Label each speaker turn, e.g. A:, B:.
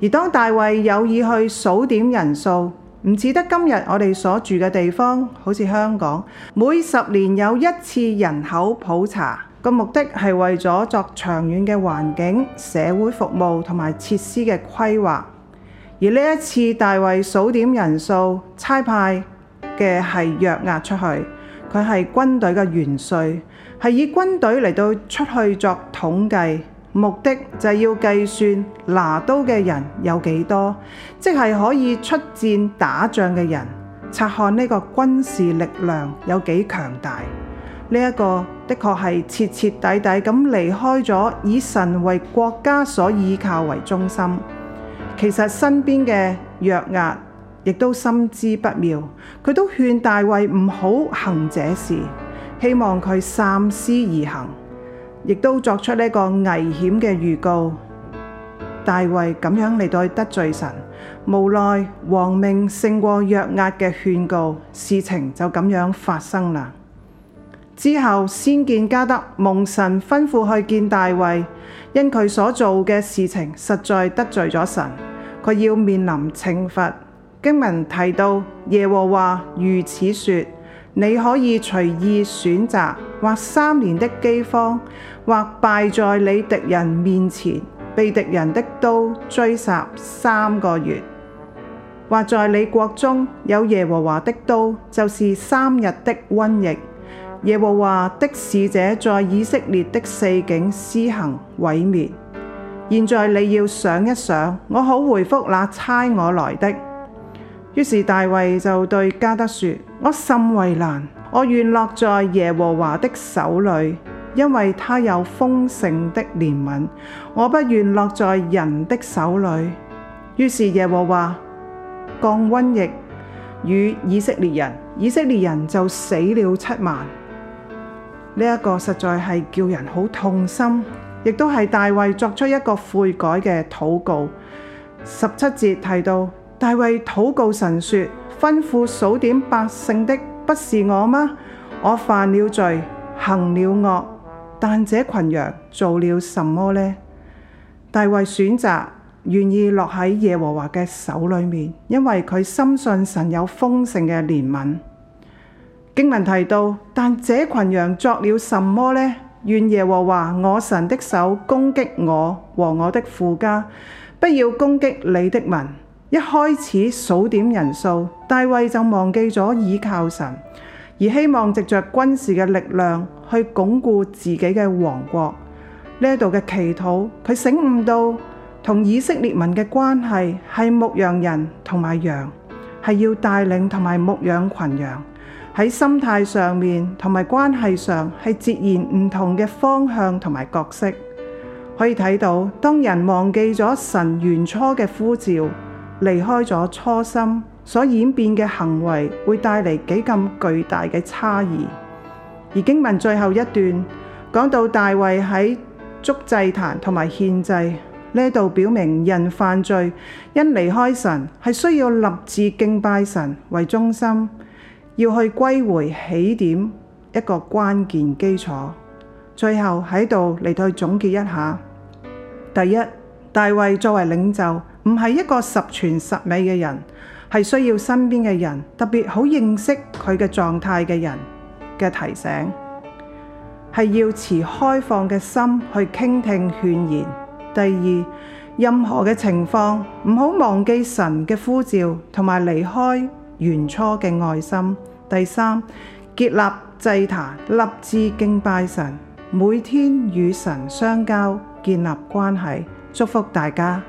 A: 而當大衛有意去數點人數，唔似得今日我哋所住嘅地方，好似香港，每十年有一次人口普查，個目的係為咗作長遠嘅環境、社會服務同埋設施嘅規劃。而呢一次大衛數點人數，差派嘅係約押出去，佢係軍隊嘅元帥，係以軍隊嚟到出去作統計。目的就係要計算拿刀嘅人有幾多，即係可以出戰打仗嘅人，察看呢個軍事力量有幾強大。呢一個的確係徹徹底底咁離開咗以神為國家所依靠為中心。其實身邊嘅約押亦都心知不妙，佢都勸大衛唔好行這事，希望佢三思而行。亦都作出呢個危險嘅預告，大衛咁樣嚟到得罪神，無奈王命勝過約押嘅勸告，事情就咁樣發生啦。之後先見迦得蒙神吩咐去見大衛，因佢所做嘅事情實在得罪咗神，佢要面臨懲罰。經文提到耶和華如此說。你可以隨意選擇，或三年的饑荒，或敗在你敵人面前，被敵人的刀追殺三個月，或在你國中有耶和華的刀，就是三日的瘟疫。耶和華的使者在以色列的四境施行毀滅。現在你要想一想，我好回覆那差我來的。於是大衛就對迦得說：我甚為難，我願落在耶和華的手裏，因為他有豐盛的憐憫，我不願落在人的手裏。於是耶和華降瘟疫與以色列人，以色列人就死了七萬。呢一個實在係叫人好痛心，亦都係大衛作出一個悔改嘅禱告。十七節提到。大衛禱告神說：吩咐數點百姓的，不是我嗎？我犯了罪，行了惡。但這群羊做了什麼呢？大衛選擇願意落喺耶和華嘅手裏面，因為佢深信神有豐盛嘅憐憫。經文提到，但這群羊作了什麼呢？願耶和華我神的手攻擊我和我的父家，不要攻擊你的民。一開始數點人數，大衛就忘記咗倚靠神，而希望藉着軍事嘅力量去鞏固自己嘅王國。呢度嘅祈禱，佢醒悟到同以色列民嘅關係係牧羊人同埋羊，係要帶領同埋牧羊群羊。喺心態上面同埋關係上，係截然唔同嘅方向同埋角色。可以睇到，當人忘記咗神原初嘅呼召。離開咗初心所演變嘅行為，會帶嚟幾咁巨大嘅差異。而經文最後一段講到大衛喺築祭壇同埋獻祭，呢度表明人犯罪因離開神，係需要立志敬拜神為中心，要去歸回起點一個關鍵基礎。最後喺度嚟到去總結一下：第一，大衛作為領袖。唔係一個十全十美嘅人，係需要身邊嘅人特別好認識佢嘅狀態嘅人嘅提醒，係要持開放嘅心去傾聽勸言。第二，任何嘅情況，唔好忘記神嘅呼召，同埋離開原初嘅愛心。第三，建立祭壇，立志敬拜神，每天與神相交，建立關係。祝福大家。